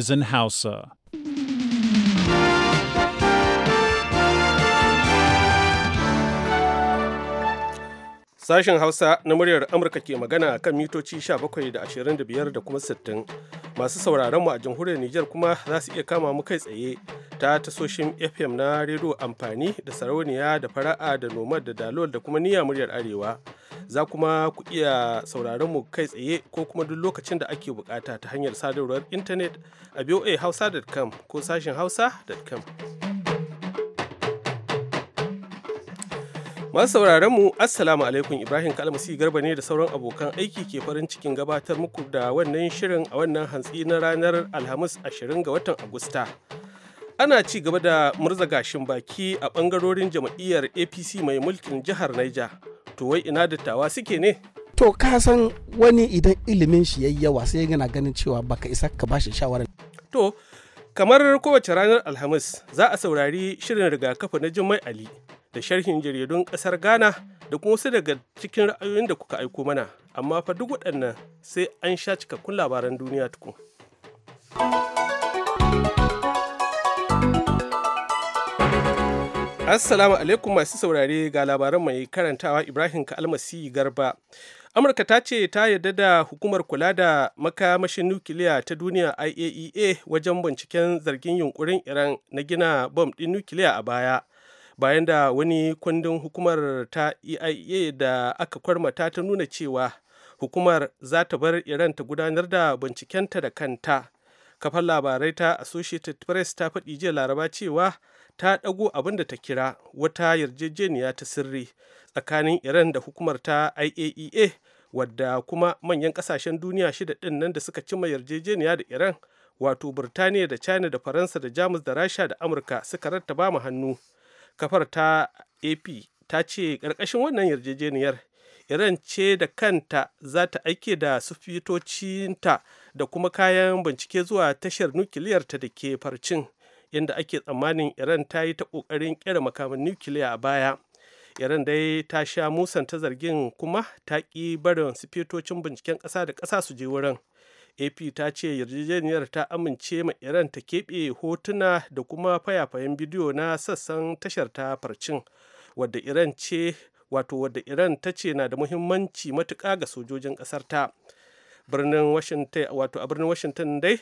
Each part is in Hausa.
is in Hausa. Sashen Hausa na muryar Amurka ke magana kan mitoci 17 da 25 da kuma 60. Masu sauraron mu a jamhuriyar Nijar kuma za su iya kama mu kai tsaye ta tasoshin FM na rediyo amfani da sarauniya da fara'a da nomad da dalol da kuma niyya muryar Arewa. za kuma ku iya sauraron mu kai tsaye ko kuma duk lokacin da ake bukata ta hanyar sadarwar intanet a hausa.com ko sashen hausa.com masu sauraron mu assalamu alaikum ibrahim kalmasi garba ne da sauran abokan aiki ke farin cikin gabatar muku da wannan shirin a wannan hantsi na ranar alhamis 20 ga watan agusta ana ci gaba da murza gashin baki a bangarorin jam'iyyar apc mai mulkin jihar niger to wai ina dattawa suke ne to ka san wani idan ilimin shi yayi yawa sai yana ganin cewa baka isa ka bashi shawara to kamar kowace ranar alhamis za a saurari shirin rigakafi na jima'i ali da sharhin jaridun kasar ghana da kuma wasu daga cikin ra'ayoyin da kuka aiko mana amma fa duk waɗannan sai an sha cikakkun labaran duniya tukun. Assalamu alaikum masu saurare ga labaran mai karantawa Ibrahim Kalmasi Garba. Amurka ta ce ta yarda da hukumar kula da makamashin nukiliya ta duniya IAEA e wajen binciken zargin yunkurin Iran na gina bom ɗin nukiliya a baya. Bayan da wani kundin hukumar ta EIA da aka kwarmata ta nuna cewa hukumar za ta bar Iran ta gudanar da bincikenta da kanta. Kafar labarai ta Associated Press ta faɗi jiya laraba cewa ta ɗago abin da ta kira wata yarjejeniya ta sirri tsakanin iran da hukumar ta iaea e wadda kuma manyan ƙasashen duniya shida ɗin nan da suka cima yarjejeniya da iran wato birtaniya da china da faransa da jamus da rasha da amurka suka rattaba mu hannu kafar ta ap ta ce ƙarƙashin wannan yarjejeniyar iran ce da kanta za ta aike da sufitocinta da kuma kayan bincike zuwa tashar nukiliyarta da ke farcin inda ake tsammanin iran ta yi ta ƙoƙarin ƙera makamin nukiliya a baya iran dai ta sha musanta zargin kuma ta ƙi barin sifetocin binciken ƙasa da ƙasa su je wurin ap ta ce yarjejeniyar ta amince ma iran ta keɓe hotuna da kuma fayafayen bidiyo na sassan tashar ta farcin wadda iran ce wato wadda iran ta ce na da muhimmanci matuka ga sojojin ƙasar ta birnin washington wato a birnin washington dai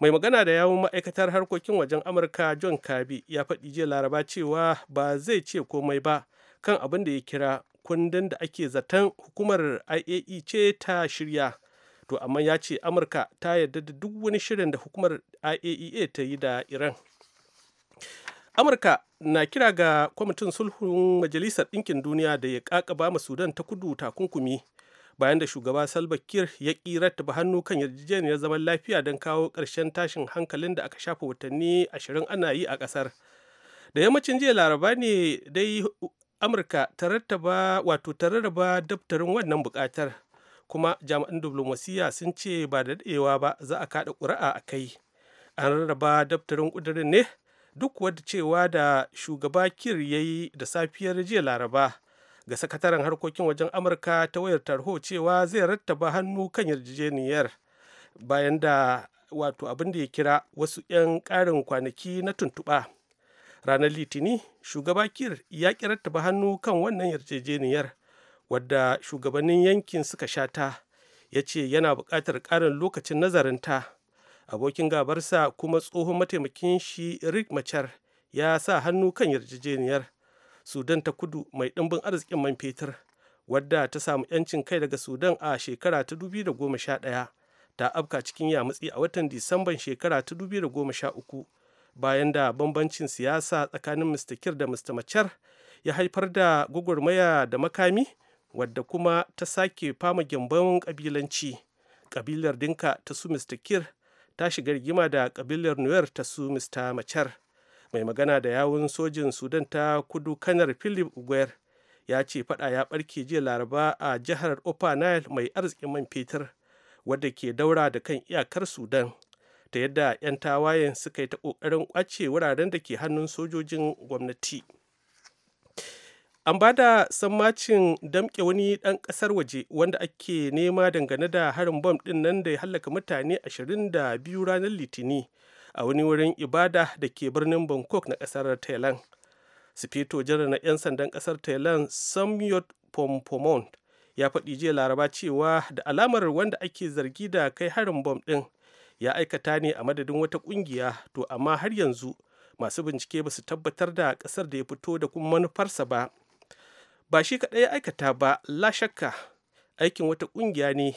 mai magana da yawun ma'aikatar harkokin wajen amurka john kabi ya faɗi jiya laraba cewa ba zai ce komai ba kan abin da ya kira kundin da ake zaton hukumar iae ce ta shirya to amma ya ce amurka ta yarda da duk wani shirin da hukumar iaea e ta yi da iran amurka na kira ga kwamitin sulhun majalisar ɗinkin duniya da ya kakaba ma sudan ta kudu takunkumi bayan da shugaba salva kiir ya ƙi rataba hannu kan yarjejeniyar zaman lafiya don kawo ƙarshen tashin hankalin da aka shafa watanni ashirin ana yi a ƙasar da yammacin jiya laraba ne dai amurka ta rattaba wato ta rarraba daftarin wannan buƙatar kuma jami'an diplomasiya sun ce ba da daɗewa ba za a kaɗa ƙuri'a a kai an rarraba daftarin ƙudurin ne duk wadda cewa da shugaba kir ya yi da safiyar jiya laraba ga sakataren harkokin wajen amurka ta wayar tarho cewa zai rattaba hannu kan yarjejeniyar bayan da wato abin da ya kira wasu 'yan ƙarin kwanaki na tuntuɓa ranar litini shugaba kir ya ƙi rattaba hannu kan wannan yarjejeniyar wadda shugabannin yankin suka sha ta, ya ce yana buƙatar ƙarin lokacin nazarinta abokin gabarsa kuma tsohon mataimakin shi rick machar ya sa hannu kan yarjejeniyar sudan ta kudu mai ɗimbin arzikin man fetur wadda ta samu 'yancin kai daga sudan a shekara ta 2011 ta afka cikin yamutsi a watan disamban shekara ta uku. bayan da bambancin siyasa tsakanin mr kir da mr Macar ya haifar da gwagwarmaya da makami wadda kuma ta sake fama gyambon kabilanci kabilar dinka ta su mr kir ta shiga rigima da kabilar nuwar ta su mr machar mai magana da yawun sojin sudan ta kudu kanar philip guer ya ce fada ya barke jiya laraba a jihar upper nile mai arzikin man fetur wadda ke daura da kan iyakar sudan ta yadda 'yan tawayen suka yi ta kokarin kwace wuraren da ke hannun sojojin gwamnati an ba da sammacin damke wani ɗan ƙasar waje wanda ake nema dangane da harin bom ɗin nan da ya hallaka mutane 22 ranar litini a wani wurin ibada da ke birnin bangkok na ƙasar thailand sifito jiran na 'yan sandan ƙasar thailand samyot pompomon ya faɗi jiya laraba cewa da alamar wanda ake zargi da kai harin bom ɗin ya aikata ne a madadin wata ƙungiya to amma har yanzu masu bincike ba su tabbatar da ƙasar da ya fito da kuma manufarsa ba ba shi kaɗai ya aikata ba la shakka aikin wata ƙungiya ne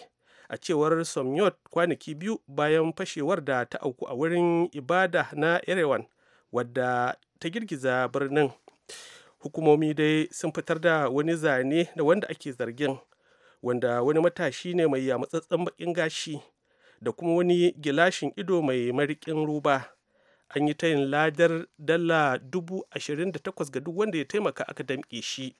a cewar somyot kwanaki biyu bayan fashewar da ta auku a wurin ibada na erewan wadda ta girgiza birnin hukumomi dai sun fitar da wani zane da wanda ake zargin wanda wani matashi ne mai yamatsatsen bakin gashi da kuma wani gilashin ido mai marikin ruba an yi tayin ladar dala dubu ashirin da takwas ga duk wanda ya taimaka aka damƙe shi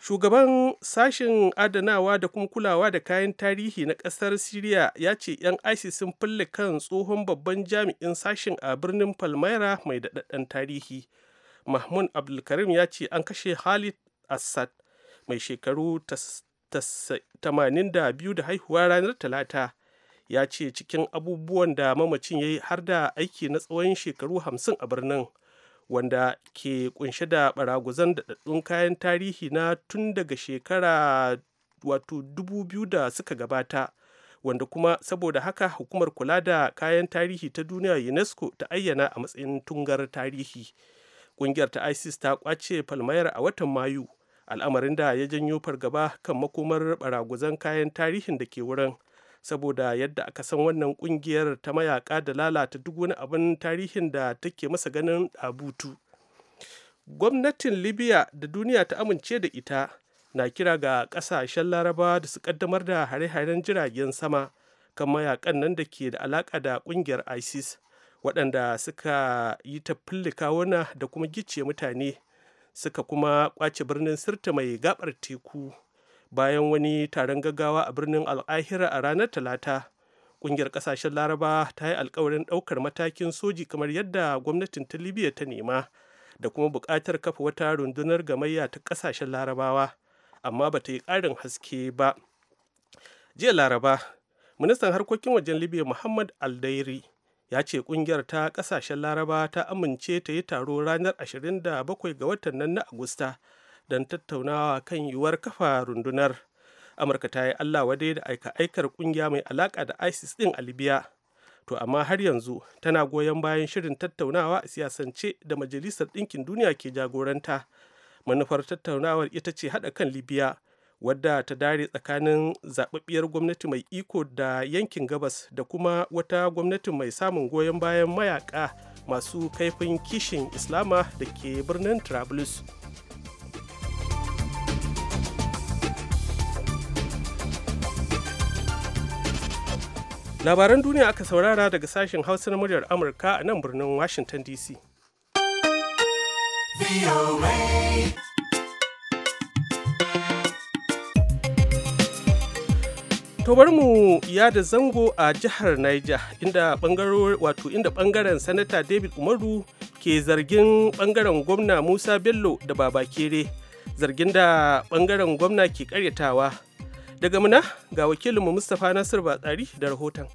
Shugaban sashen adanawa da kuma kulawa da kayan tarihi na ƙasar Siriya ya ce 'yan ISIS sun fulle kan tsohon babban jami'in sashen a birnin Palmyra mai daɗaɗɗen tarihi. Mahmud Abdulkarim ya ce an kashe Khalid Assad mai shekaru 82 da haihuwa ranar Talata. Ya ce cikin abubuwan da mamacin ya yi har da aiki na tsawon shekaru 50 a birnin. wanda ke kunshe da baraguzan daɗaɗɗun kayan tarihi na tun daga shekara wato dubu biyu da suka gabata wanda kuma saboda haka hukumar kula da kayan tarihi ta duniya unesco ta ayyana a matsayin tungar tarihi ƙungiyar ta isis ta kwace falmayar a watan mayu al'amarin da ya janyo fargaba kan makomar baraguzan kayan tarihin da ke wurin saboda yadda aka san wannan kungiyar ta mayaka da lalata duk wani abin tarihin da take masa ganin abutu gwamnatin libya da duniya ta amince da ita na kira ga kasashen laraba da su kaddamar da hare-haren jiragen sama kan mayakan nan da ke da alaka da kungiyar isis waɗanda suka yi ta kawuna da kuma gice mutane suka kuma kwace birnin sirta mai gabar teku bayan wani taron gaggawa a birnin al'ahira a ranar talata ƙungiyar ƙasashen laraba ta yi alkawarin ɗaukar matakin soji kamar yadda gwamnatin ta libya ta nema da kuma buƙatar kafa wata rundunar gamayya ta ƙasashen larabawa amma ba ta yi ƙarin haske ba jiya laraba ministan harkokin wajen libya muhammad aldairi ya ce kungiyar ta kasashen laraba ta amince ta yi taro ranar 27 ga watan nan na agusta don tattaunawa kan yiwuwar kafa rundunar amurka ta yi allah wadai da aika-aikar kungiya mai alaka da isis din a libya to amma har yanzu tana goyon bayan shirin tattaunawa a siyasance da majalisar ɗinkin duniya ke jagoranta manufar tattaunawar ita ce haɗa kan libya wadda ta dare tsakanin zaɓaɓɓiyar gwamnati mai iko da yankin gabas da kuma wata gwamnati mai samun goyon bayan mayaka masu kaifin kishin islama da ke birnin trablus labaran duniya aka saurara daga sashen hausa na muryar amurka a nan birnin washington dc to bari mu da zango a jihar Niger inda wato inda bangaren sanata David Umaru ke zargin bangaren gwamna Musa Bello da Babakere zargin da bangaren gwamna ke karyatawa daga muna ga wakilinmu Mustapha Nasir Batsari da rahoton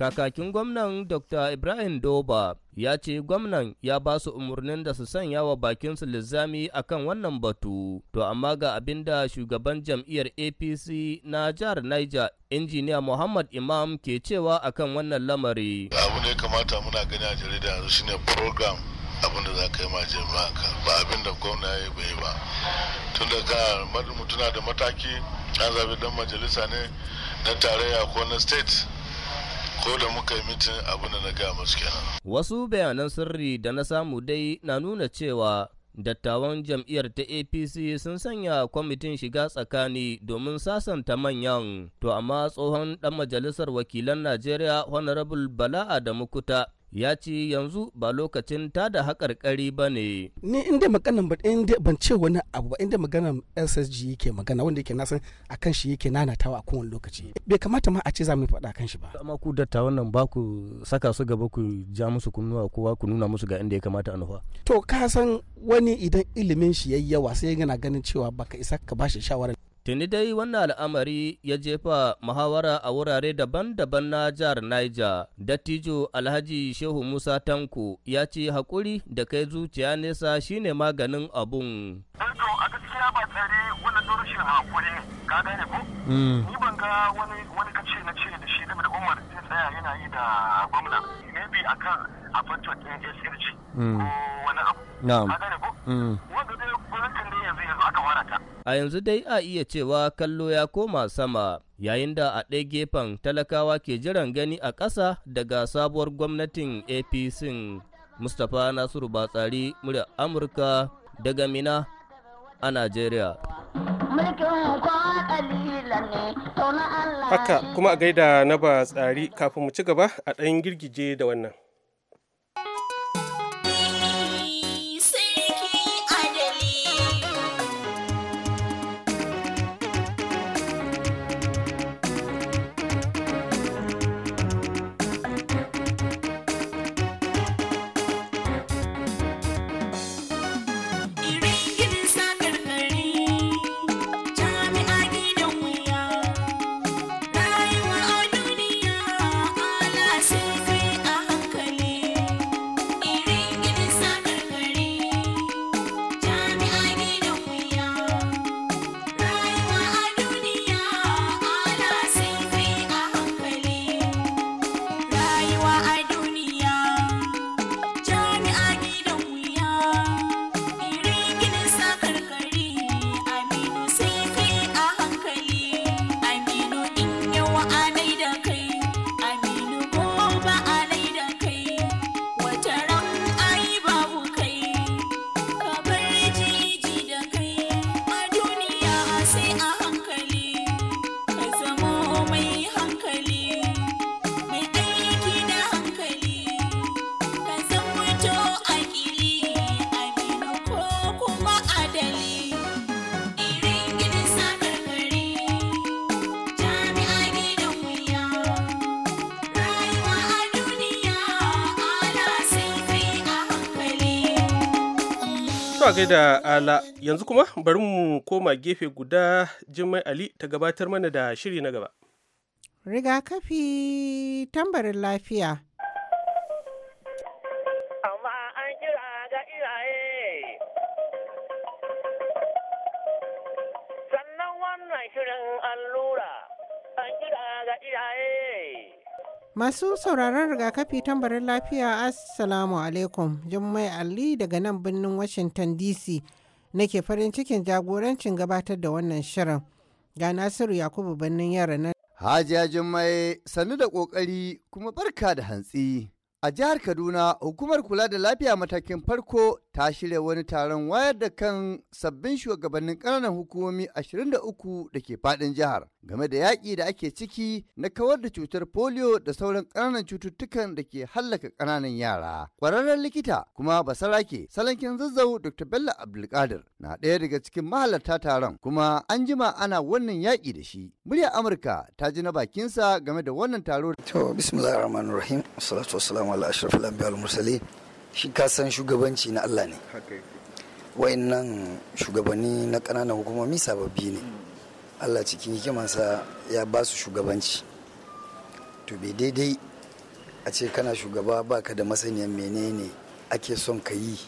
Kakakin gwamnan Dr. Ibrahim Doba ya ce gwamnan ya ba su umarnin da su sanya wa bakinsu lizzami a kan wannan batu, to amma ga abin da shugaban jam'iyyar APC na jihar Niger, injiniya Muhammad Imam ke cewa a kan wannan lamari. Abin da kamata muna gani a jarida yanzu shine program abin da za ka yi ma jama'anka ba abin da gwamna ya bai ba. Tun da ka mutuna da mataki an zabi dan majalisa ne na tarayya ko na state ko da muka yi mitin abin na ga masu kenan. Wasu bayanan sirri da na samu dai na nuna cewa dattawan jam'iyyar ta APC sun sanya kwamitin shiga tsakani domin sasanta manyan, to amma tsohon ɗan majalisar wakilan Najeriya Honorable Bala Adamu Kuta ya ci yanzu ba lokacin ta da haƙarƙari ba ne. Ni inda magana ba inda ban ce wani abu ba inda magana SSG yake magana wanda yake nasan a kan shi yake nanatawa a kowane lokaci. Bai kamata ma a ce za mu faɗa kan shi ba. Amma ku datta wannan ba ku saka su gaba ku ja musu kunnuwa kowa ku nuna musu ga inda ya kamata a nufa. To ka san wani idan ilimin shi ya yawa sai yana ganin cewa baka isa ka ba shi shawara. Tuni dai wannan al'amari ya jefa muhawara a wurare daban-daban na jihar Niger. Dattijo Alhaji Shehu Musa Tanko ya ce haƙuri da kai zuciya nesa shine maganin abun. Eto a gaskiya ba tsare wani rashin haƙuri ka gane ko? Mm. Ni ban ga wani wani kace na ce da shi da Umar zai tsaya yana yi da gwamna. Maybe akan a fanto ɗin SRG mm. ko wani abu. Ka gane ko? Mm. A yanzu dai a iya cewa kallo ya koma sama, yayin da a ɗaya gefen talakawa ke jiran gani a ƙasa daga sabuwar gwamnatin APC. Mustapha Nasiru Batsari, murya Amurka daga Mina a nigeria Haka kuma a gaida na ba tsari kafin mu ci gaba a ɗan girgije da wannan. To da ala yanzu kuma bari mu koma gefe guda Jummai Ali ta gabatar mana da shiri na gaba. Rigakafi tambarin lafiya. Masu sauraron rigakafi tambarin lafiya Assalamu alaikum Jummai Ali daga nan birnin Washington DC nake farin cikin jagorancin gabatar da wannan shirin. Ga Nasiru Yakubu birnin yara nan. Hajiya Jummai sannu da kokari kuma barka da hantsi. A jihar Kaduna hukumar kula da lafiya matakin farko ta shirya wani taron wayar da kan sabbin shugabannin ƙananan hukumomi 23 da ke faɗin jihar game da yaƙi da ake ciki na kawar da cutar polio da sauran ƙananan cututtukan da ke hallaka ƙananan yara. Ƙwararren likita kuma basarake salankin zazzau Dr. Bello Abdulkadir na ɗaya daga cikin mahalarta taron kuma an jima ana wannan yaƙi da shi. Murya Amurka ta ji na bakinsa game da wannan taro. To bismillahirrahmanirrahim. shi kasan shugabanci na Allah ne wayannan shugabanni na ƙananan hukumomi sababbi ne Allah cikin hikimansa ya ba su shugabanci to bai daidai a ce kana shugaba baka da masaniya menene ake son ka yi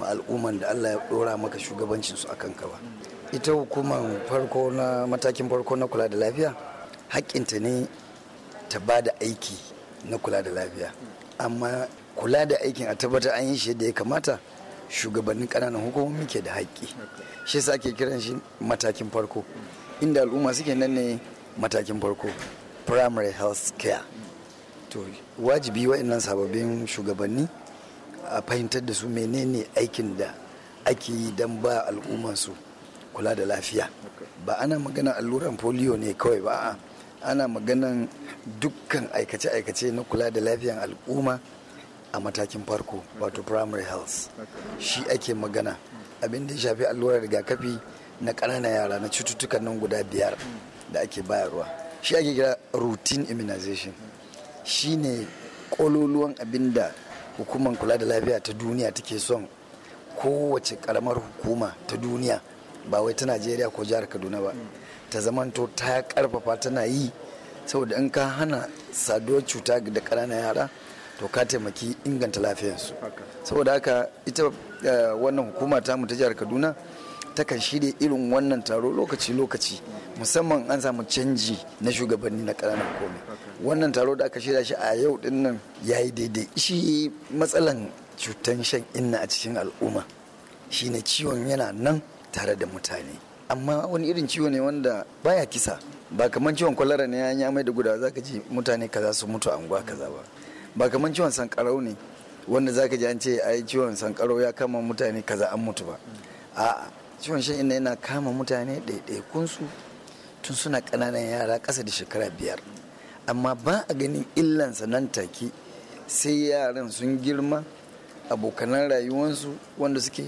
ma al'umman da Allah ya ɗora maka shugabancin su akan ka ba ita hukumar farko na matakin farko na kula da lafiya haƙƙinta ne ta ba da aiki na kula da lafiya amma kula da aikin a tabbatar an yi shi da ya kamata shugabannin kananan hukumomi ke da haƙƙi shi yasa ake kiran shi matakin farko inda al'umma suke nan ne matakin farko primary health care to wajibi waɗannan sababbin shugabanni a fahimtar da su menene aikin da ake yi don ba al'umma su kula da lafiya ba ana magana alluran polio ne kawai ba ana maganan dukkan aikace-aikace na kula da lafiyan al'umma a matakin farko wato primary health shi ake magana abin da ya shafi allurar rigakafi na ƙananan yara na cututtukan nan guda biyar hmm. da ake bayarwa shi ake kira routine immunization shi ne ƙololuwan abin da hukumar kula da lafiya ta duniya take son kowace ƙaramar hukuma ta duniya ba wai ta najeriya ko jihar kaduna ba hmm. ta zamanto ta karfafa tana yi saboda in ka hana saduwar cuta da ƙananan yara to ka taimaki inganta lafiyarsu saboda haka ita eh, wannan hukuma ta mu ta jihar kaduna takan shirya irin wannan taro lokaci-lokaci musamman an samu canji na shugabanni na ƙananan komai wannan taro da aka shirya shi a yau din nan ya yi daidai shi matsalan cutan shan inna a cikin al'umma shine ciwon yana nan tare da mutane amma wani irin ciwo ne wanda baya kisa ba kamar ciwon kwalara ne ya mai da gudawa ka ji mutane kaza su mutu a unguwa kaza ba ba kamar ciwon sankarau ne wanda zaka ji an ce a ciwon sankarau ya kama mutane kaza an mutu ba a'a ciwon shan inna yana kama mutane ɗaiɗaikun su tun suna ƙananan yara ƙasa da shekara biyar amma ba a ganin illansa nan take sai yaran sun girma abokanan rayuwansu wanda suke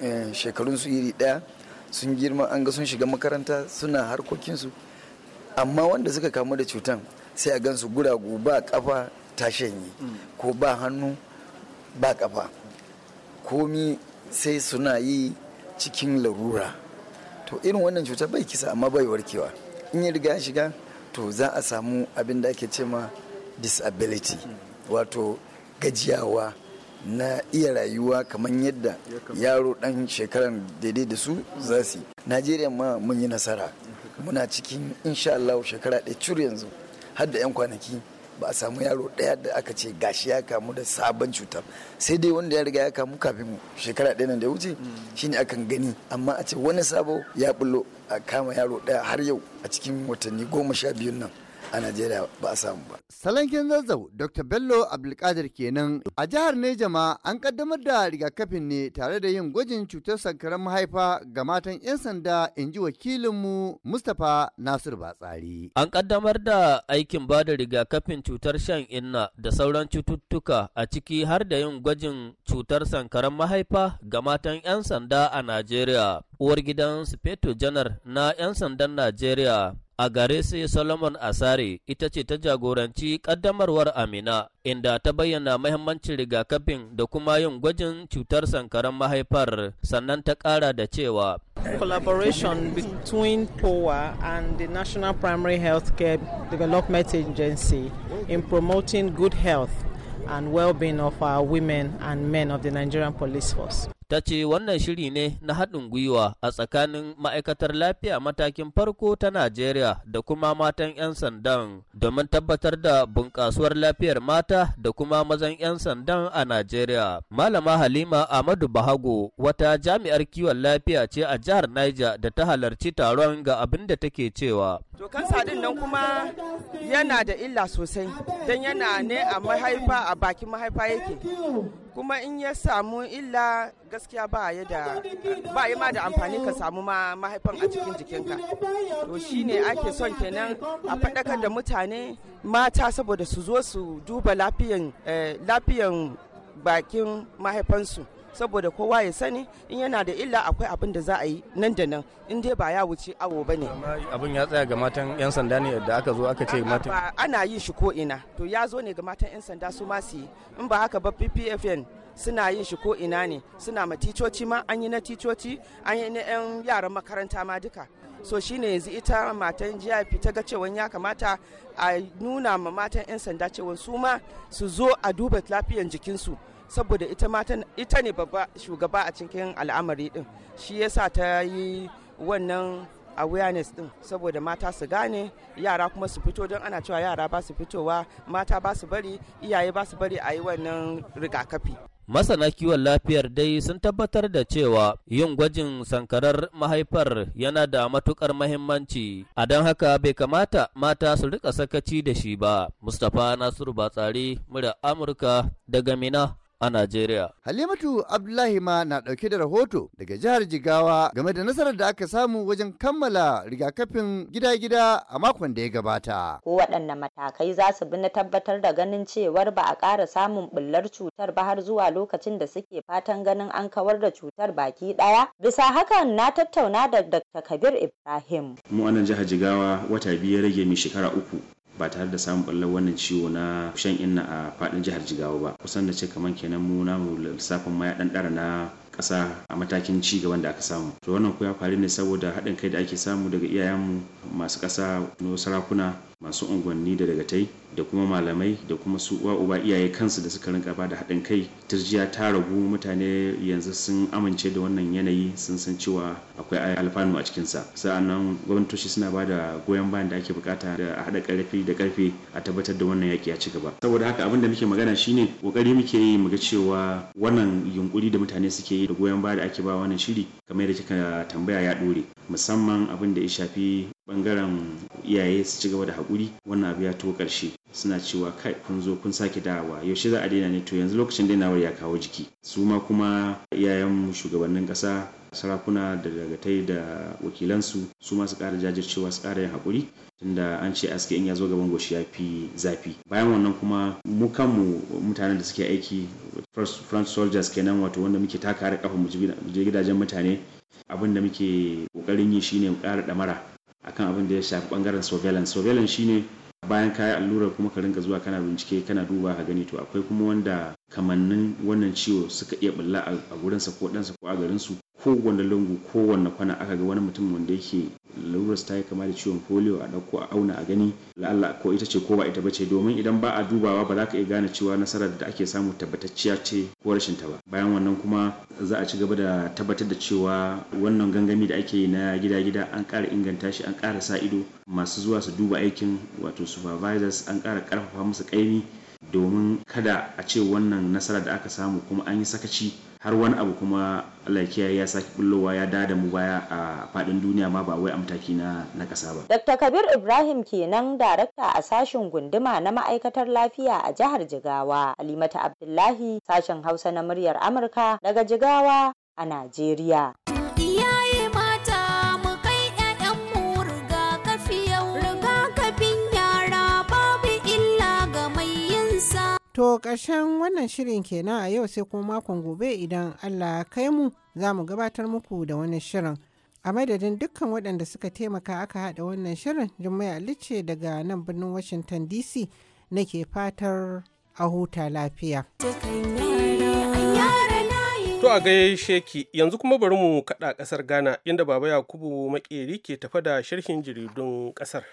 eh, shekarunsu iri ɗaya sun girma an ga sun shiga makaranta suna harkokinsu amma wanda suka kamu da cutan sai a gansu guragu ba kafa ta yi. ko ba hannu ba kafa komi sai suna yi cikin larura to irin wannan cuta bai kisa amma bai warkewa in ya riga shiga to za a samu abin da ake cema disability wato gajiyawa na iya rayuwa kamar yadda yaro dan shekaran daidai da su za su yi najeriya ma mun yi nasara muna cikin insha Allah shekara ɗaya cur yanzu har da 'yan kwanaki ba a samu yaro daya da aka ce gashi ya kamu da sabon cutar sai dai wanda ya riga ya kamu kafin mu shekara ɗaya nan da ya wuce mm. shine akan gani amma a ce wani sabo ya bullo a kama yaro daya har yau a cikin watanni goma sha biyun nan a Najeriya ba a samu ba. Salankin zazzau Dr. Bello Abdulkadir kenan a jihar Nejama an kaddamar da rigakafin ne tare da yin gwajin cutar sankaran mahaifa ga matan 'yan sanda in ji wakilinmu Mustapha Nasir Batsari. An kaddamar da aikin ba da rigakafin cutar shan inna da sauran cututtuka a ciki har da yin gwajin cutar sankaran mahaifa ga matan 'yan sanda a Najeriya. Uwar gidan Sufeto Janar na 'yan sandan Najeriya a su Solomon Asare ita ce ta jagoranci ƙaddamarwar Amina inda ta bayyana mahimmancin rigakafin da kuma yin gwajin cutar sankaran mahaifar sannan ta ƙara da cewa collaboration between POA and the National Primary Health Care Development Agency in promoting good health and well-being of our women and men of the Nigerian Police Force. ta ce wannan shiri ne na haɗin gwiwa a tsakanin ma'aikatar lafiya matakin farko ta Najeriya da kuma matan 'yan sandan domin tabbatar da bunƙasuwar lafiyar mata da kuma mazan 'yan sandan a Najeriya. Malama Halima Ahmadu Bahago wata jami'ar kiwon lafiya ce a jihar Niger da ta halarci taron ga abin da take cewa. To sadin nan kuma yana da illa sosai don yana ne a mahaifa a bakin mahaifa yake. kuma in ya samu illa gaskiya ba ya da ba ya ma da amfani ka samu ma mahaifan a cikin jikinka to shine ake son kenan a faɗakar da mutane mata saboda su zo su duba lafiyan eh, lafiyan bakin mahaifansu saboda kowa ya sani in yana da illa akwai abin da za a yi nan da nan in dai ba ya wuce awo ba ne abin ya tsaya ga matan yan sanda ne da aka zo aka ce matan ana yin shi ko ina to ya zo ne ga matan yan sanda su ma su yi in ba haka ba ppfn suna yin shi ko ina ne suna ma ticoci ma an yi na ticoci an yi na yan yaran makaranta ma duka so shine yanzu ita matan GIP ta ga cewa ya kamata a nuna ma matan 'yan sanda cewa su ma su zo a duba lafiyan jikinsu saboda ita matan ita ne babba shugaba a cikin al'amari din shi yasa ta yi wannan awareness din saboda mata su gane yara kuma su fito don ana cewa yara ba su fitowa mata ba su bari iyaye ba su bari a yi wannan rigakafi Masana kiwon lafiyar dai sun tabbatar da cewa yin gwajin sankarar mahaifar yana da matukar mahimmanci, a don haka bai kamata mata su rika sakaci da shi ba. Mustapha Nasiru Batsari, murya Amurka daga Mina a Najeriya. Halimatu Abdullahi ma na ɗauke da rahoto daga jihar Jigawa game da nasarar da aka samu wajen kammala rigakafin gida-gida a makon da ya gabata. Ko waɗanne matakai za su bi na tabbatar da ganin cewar ba a ƙara samun ɓullar cutar ba har zuwa lokacin da suke fatan ganin an kawar da cutar baki ɗaya. Bisa hakan na tattauna da Dr. Kabir Ibrahim. Mu anan jihar Jigawa wata biyu rage mai shekara uku ba tare da samun ɓallar wannan ciwo na shan inna a faɗin jihar jigawa ba kusan da ce kamar kenan mu namu lissafin ma ya ɗan ɗara na ƙasa a matakin ci gaban da aka samu to wannan ku ya faru ne saboda haɗin kai da ake samu daga iyayenmu masu ƙasa sarakuna masu unguwanni da dagatai da kuma malamai da kuma su uwa uba iyaye kansu da suka rinka ba da haɗin kai turjiya ta ragu mutane yanzu sun amince da wannan yanayi sun san cewa akwai alfanu a cikinsa sa'annan gwamnatoci suna ba da goyon bayan da ake bukata da a haɗa ƙarfi da ƙarfe a tabbatar da wannan yaƙi ya ci gaba saboda haka abin da muke magana shine ƙoƙari muke yi mu ga cewa wannan yunƙuri da mutane suke yi da goyon baya da ake ba wannan shiri kamar yadda kika tambaya ya ɗore musamman abin da ya shafi bangaren iyaye su ci gaba da haƙuri wannan abu ya to ƙarshe suna cewa kai kun zo kun sake dawowa yaushe za a daina ne to yanzu lokacin dainawar ya kawo jiki su ma kuma iyayen shugabannin ƙasa sarakuna da dagatai da wakilansu su ma su ƙara jajircewa su ƙara yin haƙuri tunda an ce aske in ya zo gaban goshi ya fi zafi bayan wannan kuma mu kanmu mutanen da suke aiki front soldiers kenan wato wanda muke taka har kafa mu je gidajen mutane abin da muke kokarin yi shine mu ƙara ɗamara akan abin da ya shafi bangaren surveillance surveillance shine bayan ka yi allurar kuma ka rinka zuwa kana bincike kana duba ka gani to akwai kuma wanda kamannin wannan ciwo suka iya bulla a gurinsa ko ɗansa ko a garinsu kowane lungu kowane kwana aka ga wani mutum wanda yake lalurarsa ta yi kama da ciwon polio a ɗauko a auna a gani la'alla ko ita ce ko ba ita bace domin idan ba a dubawa ba za ka iya gane cewa nasarar da ake samu tabbatacciya ce ko rashin ta ba bayan wannan kuma za a ci gaba da tabbatar da cewa wannan gangami da ake yi na gida-gida an ƙara inganta shi an ƙara sa ido masu zuwa su duba aikin wato supervisors an ƙara ƙarfafa musu ƙaimi domin kada a ce wannan nasara da aka samu kuma an yi sakaci har wani abu kuma lafiya ya sake bullowa ya dada mu baya a fadin duniya ma ba wai a mataki na na kasa ba. Dr. Kabir Ibrahim kenan darakta a sashen gunduma na ma'aikatar lafiya a jihar Jigawa. Halimata Abdullahi sashen Hausa na muryar Amurka daga Jigawa a Najeriya. To ƙarshen wannan shirin kenan a yau sai kuma makon gobe idan Allah kai mu za mu gabatar muku da wani shirin. A madadin dukkan waɗanda suka taimaka aka haɗa wannan shirin Jummai Alice daga nan birnin Washington DC nake fatar a huta lafiya. To a gaishe sheki yanzu kuma bari mu kaɗa ƙasar Ghana inda Baba Yakubu Makeri ke tafa da sharhin jaridun ƙasar.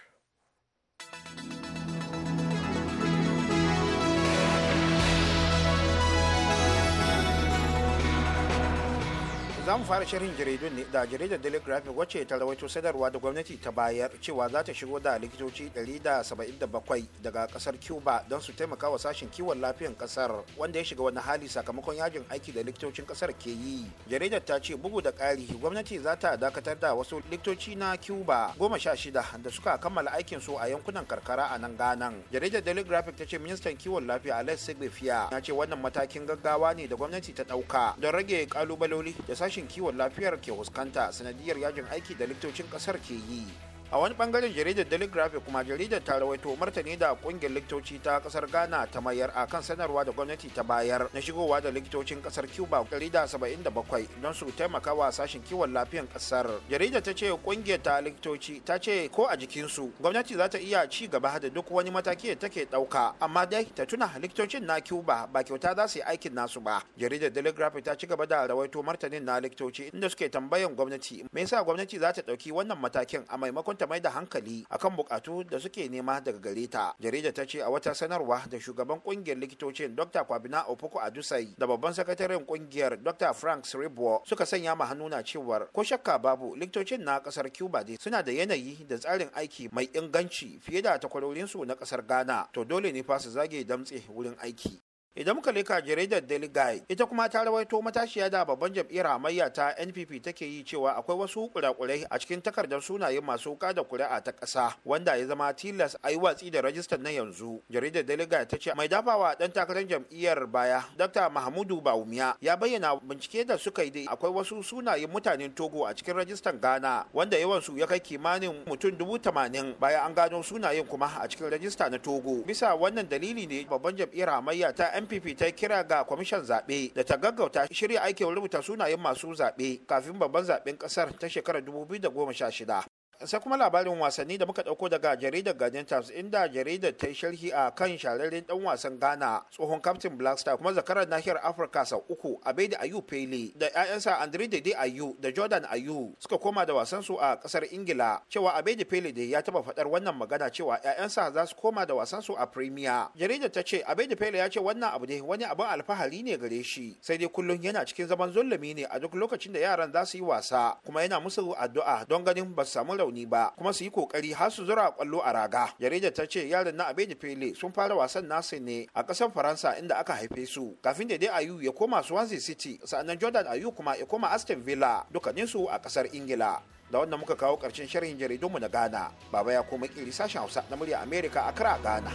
za mu fara shirin jaridun ne da jaridar daily graphic wacce ta rawaito sadarwa da gwamnati ta bayar cewa za ta shigo da likitoci 177 daga kasar cuba don su taimaka wa sashen kiwon lafiyan kasar wanda ya shiga wani hali sakamakon yajin aiki da likitocin kasar ke yi jaridar ta ce bugu da ƙari gwamnati za ta dakatar da wasu likitoci na cuba goma sha shida da suka kammala aikin su a yankunan karkara a nan ganan jaridar daily ta ce ministan kiwon lafiya alex sigbefiya ya ce wannan matakin gaggawa ne da gwamnati ta ɗauka don rage kalubaloli da sashen rashin kiwon lafiyar ke fuskanta sanadiyar yajin aiki da likitocin kasar ke yi a wani bangaren jaridar daily kuma jaridar ta rawaito martani da kungiyar likitoci ta kasar ghana ta mayar a kan sanarwa da gwamnati ta bayar na shigowa da likitocin kasar cuba bakwai don su taimaka wa sashen kiwon lafiyan kasar jaridar ta ce kungiyar ta likitoci ta ce ko a jikinsu gwamnati za ta iya ci gaba da duk wani mataki da take dauka amma dai ta tuna likitocin na cuba ba kyauta za su yi aikin nasu ba jaridar daily ta ci gaba da rawaito martanin na likitoci inda suke tambayan gwamnati me yasa gwamnati za ta dauki wannan matakin a maimakon ta mai da hankali akan bukatu da suke nema daga gare ta jarida ta ce a wata sanarwa da shugaban kungiyar likitocin dr kwabina opoku adusai da babban sakataren kungiyar dr frank sribo suka sanya ma hannu na cewar ko shakka babu likitocin na kasar cuba dai suna da yanayi da tsarin aiki mai inganci fiye da takwarorinsu na kasar ghana to dole ne fa su zage damtse wurin aiki idan muka leka jaridar daily guide ita kuma ta rawaito matashiya da babban jam'iyyar hamayya ta npp take yi cewa akwai wasu kurakurai a cikin takardar sunayen masu da kuri'a ta ƙasa wanda ya zama tilas a yi watsi da rajistar na yanzu jaridar daily guide ta ce mai dafawa dan takarar jam'iyyar baya dr mahmudu bawumiya ya bayyana bincike da suka yi da akwai wasu sunayen mutanen togo a cikin rajistar ghana wanda yawansu ya kai kimanin mutum dubu tamanin bayan an gano sunayen kuma a cikin rajista na togo bisa wannan dalili ne babban jam'iyyar hamayya ta npp ta kira ga kwamishin zaɓe da ta gaggauta shirya aikin rubuta sunayen masu zaɓe kafin babban zaɓen ƙasar ta shekarar 2016 sai kuma labarin wasanni da muka dauko daga jaridar guardian times inda jaridar ta yi sharhi a kan shahararren dan wasan ghana tsohon captain black star kuma zakarar nahiyar afirka sau uku abedi ayu pele da 'ya'yansa andre dede ayu da jordan ayu suka koma da wasan su a kasar ingila cewa abedi pele da ya taba fadar wannan magana cewa 'ya'yansa za su koma da wasan su a premier jaridar ta ce abedi pele ya ce wannan abu ne wani abin alfahari ne gare shi sai dai kullum yana cikin zaman zulumi ne a duk lokacin da yaran za su yi wasa kuma yana musu addu'a don ganin ba su samu rauni ba kuma su yi kokari har su zura kwallo a raga jaridar ta ce yaran na abeji fele sun fara wasan nasu ne a ƙasar faransa inda aka haife su kafin da dai ayu ya koma swansea city sa'annan jordan ayu kuma ya koma aston villa dukkaninsu a kasar ingila da wannan muka kawo ƙarshen sharhin jaridunmu na ghana baba ya koma kiri sashen hausa na murya america a kara ghana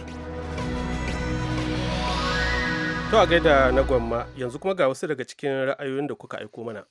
to a gaida na gwamma yanzu kuma ga wasu daga cikin ra'ayoyin da kuka aiko mana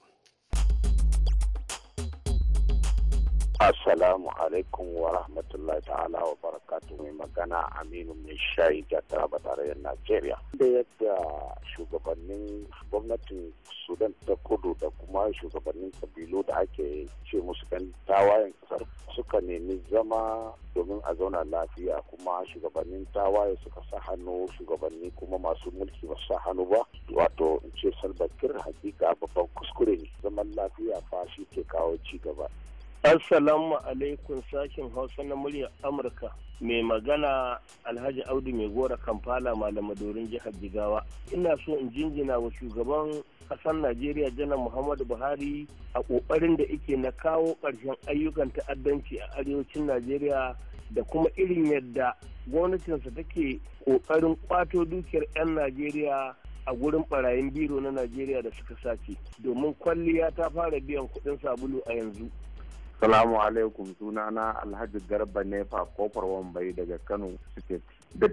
Assalamu alaikum wa rahmatullahi ta'ala wa barakatu mai magana Aminu mai shayi da taraba tarayyar Najeriya. Da yadda shugabannin gwamnatin Sudan ta kudu da kuma shugabannin kabilu da ake ce musu ɗan tawayen kasar suka nemi zama domin a zauna lafiya kuma shugabannin tawaye suka sa hannu shugabanni kuma masu mulki ba sa hannu ba wato in ce salbakir hakika babban kuskure ne zaman lafiya fa ke kawo ci gaba Assalamu alaikum sashin Hausa na muryar Amurka mai magana Alhaji Audu mai gora Kampala dorin jihar Jigawa. Ina so in jinjina wa shugaban ƙasar Najeriya Janar Muhammadu Buhari a ƙoƙarin da ike na kawo ƙarshen ayyukan ta'addanci a arewacin Najeriya da kuma irin yadda gwamnatinsa take ƙoƙarin ƙwato dukiyar 'yan Najeriya a gurin barayin biro na Najeriya da suka sace domin kwalliya ta fara biyan kuɗin sabulu a yanzu. Salamu alaikum Suna na Alhaji Garba Nefa kofar Wambai daga Kano State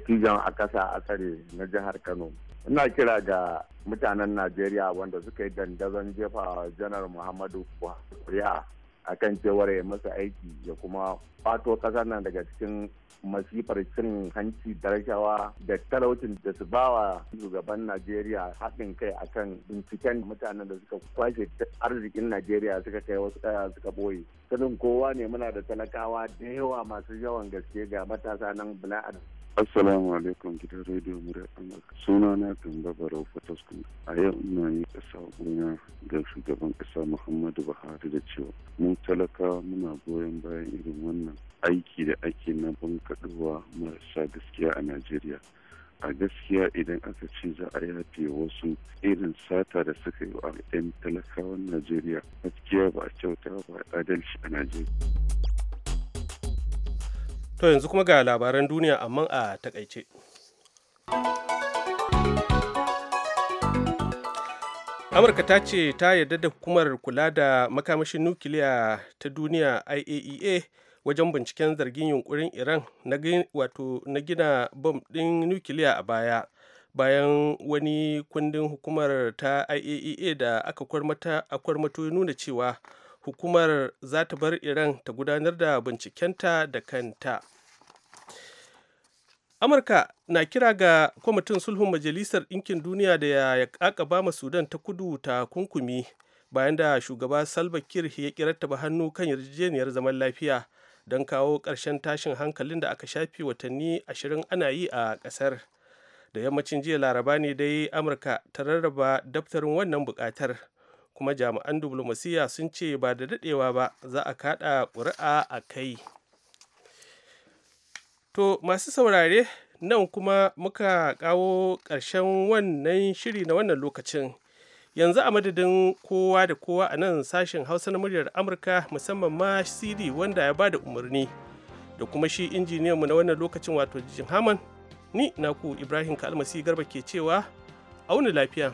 tijan a kasa asare na jihar Kano. Ina kira ga mutanen Najeriya wanda suka yi dandazon jefa janar Muhammadu Buhari a kan cewar ya masa aiki ya kuma fato kasar nan daga cikin masifar cin hanci da rashawa da talaucin da su bawa shugaban najeriya haɗin kai akan binciken mutanen da suka kwashe arzikin najeriya suka kai wasu ɗaya eh, suka ɓoye sanin kowa ne muna da talakawa da yawa masu yawan gaske ga matasa nan bala'ad Assalamu alaikum gidan rediyo murar Amurka. Suna na Gamba Barau Fataskun. A yau ina yi ƙasa ga shugaban ƙasa Muhammadu Buhari da cewa mu talakawa muna goyon bayan irin wannan aiki da ake na bankaɗowa marasa gaskiya a Najeriya. a gaskiya idan aka ce za a yafe wasu irin sata da suka yi a 'yan talakawan najeriya gaskiya ba a kyauta ba adalci a najeriya to yanzu kuma ga labaran duniya amma a takaice amurka ta ce ta yarda da hukumar kula da makamashin nukiliya ta duniya iaea e wajen binciken zargin yunkurin iran na gina bom ɗin nukiliya a baya bayan wani kundin hukumar ta iaea e da aka kwarmato nuna cewa hukumar za ta bar iran ta gudanar da bincikenta da kanta amurka na kira ga kwamitin sulhun majalisar ɗinkin duniya da ya kakaba ma sudan ta kudu ta kunkumi bayan da shugaba salva kiir ya ba hannu kan yarjejeniyar zaman lafiya don kawo ƙarshen tashin hankalin da aka shafi watanni ashirin ana yi a ƙasar da yammacin jiya laraba ne dai amurka ta rarraba daftarin wannan buƙatar kuma jami'an diflomasiyya sun ce ba da daɗewa ba za a kaɗa ƙuri'a a kai to masu saurare nan kuma muka kawo ƙarshen wannan shiri na wannan lokacin yanzu a madadin kowa da kowa a nan sashen hausa na muryar amurka musamman ma cd wanda ya bada umarni da kuma shi injiniyanmu na wannan lokacin wato jijin haman ni naku ibrahim kalmasi garba ke cewa auna lafiya